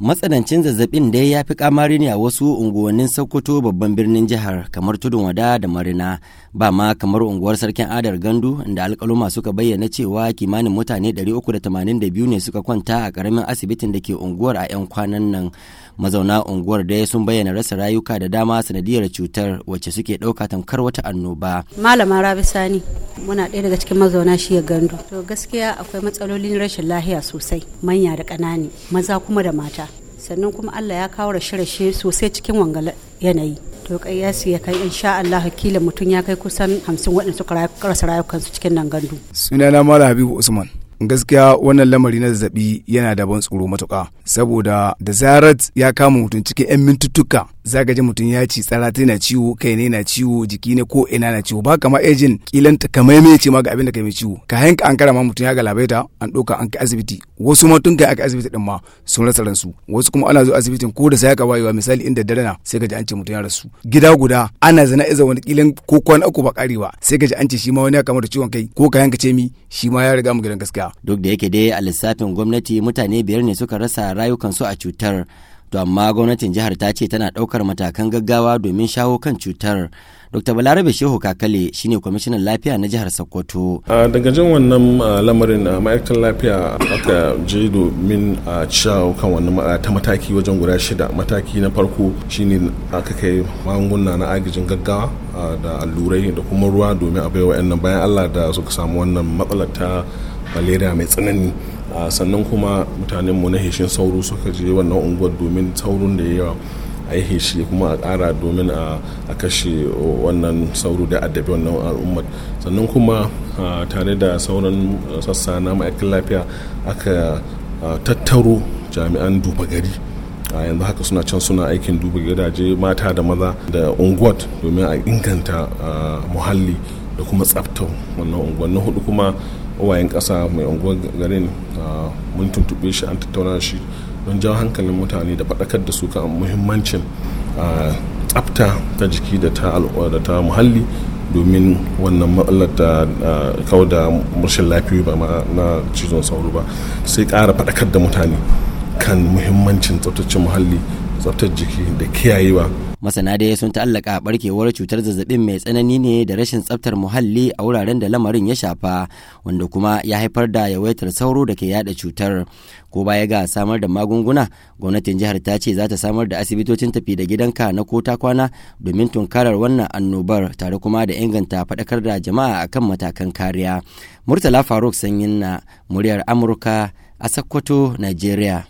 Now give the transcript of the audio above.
matsanancin zazzabin dai ya fi kamari ne a wasu unguwannin sokoto babban birnin jihar kamar tudun wada da marina ba ma kamar unguwar sarkin adar gandu inda alkaluma suka bayyana cewa kimanin mutane 382 ne suka kwanta a karamin asibitin da ke unguwar a 'yan kwanan nan mazauna unguwar dai sun bayyana rasa rayuka da dama sanadiyar cutar wacce suke ɗauka tamkar wata annoba malama rabi sani muna ɗaya daga cikin mazauna shi ya gandu to gaskiya akwai matsalolin rashin lahiya sosai manya da ƙanani maza kuma da mata sannan kuma Allah ya kawo rashe-rashe sosai cikin wanga yanayi to kai ya kai insha Allah kila mutum ya kai kusan hamsin waɗanda suka rasa rayukansu cikin nan gandu sunana Malam Habibu Usman gaskiya wannan lamari na zazzabi yana da ban tsoro matuka saboda da zarar ya kama mutum cikin 'yan mintuttuka zaka ji mutum ya ci tsara na ciwo kai ne na ciwo jiki ne ko ina na ciwo ba kama ejin kilan kamar mai ce ma ga abin da kai mai ciwo ka hanka an kara ma mutum ya labaita an ɗauka an kai asibiti wasu ma tun kai aka asibiti din ma sun rasa ransu wasu kuma ana zo asibitin ko da sai aka wayewa misali inda dare na sai ka ji an ce mutum ya rasu gida guda ana zana iza wani kilan ko kwana uku ba kare ba sai ka ji an ce shi ma wani ya kama da ciwon kai ko ka hanka ce mi shi ma ya riga mu gidan gaskiya duk da yake dai a lissafin gwamnati mutane biyar ne suka rasa rayukansu a cutar to amma gwamnatin jihar ta ce tana ɗaukar matakan gaggawa domin shawo kan cutar dr balarabe shehu kakale shine kwamishinan lafiya na jihar sokoto daga jin wannan lamarin ma'aikatan lafiya aka je domin a shawo kan wannan ta mataki wajen guda shida mataki na farko shine aka kai magunguna na agajin gaggawa da allurai da kuma ruwa domin a baiwa 'yan bayan allah da suka samu wannan matsalar ta malaria mai tsanani sannan kuma mu na heshin sauro suka je wannan unguwar domin saurun da yawa a yi heshi kuma a ƙara domin a kashe wannan sauro da addabi wannan al'ummar sannan kuma tare da sauran sassa na ma'aikin lafiya aka tattaro jami'an duba gari a yanzu haka suna can suna aikin duba gidaje mata da maza da unguwar domin a inganta muhalli da kuma tsaftar wannan unguwar na hudu kuma wayan kasa mai unguwar garin mun tuntube shi an tattauna shi don jawo hankalin mutane da faɗakar da su kan muhimmancin tsafta ta jiki da ta da ta muhalli domin wannan matsalar da kawo da murshin lafiyoyi ba na cizon sauro ba sai ƙara faɗakar da mutane kan muhimmancin tsaftace muhalli tsaftar jiki da kiyayewa masana dai sun ta'allaka barkewar cutar zazzabin mai tsanani ne da rashin tsaftar muhalli a wuraren da lamarin ya shafa wanda kuma ya haifar da yawaitar sauro da ke yada cutar ko baya ga samar da magunguna gwamnatin jihar ta ce za ta samar da asibitocin tafi da gidanka na kota kwana domin tunkarar wannan annobar tare kuma da inganta faɗakar da jama'a akan matakan kariya murtala faruk sanyin na muryar amurka a sakkwato nigeria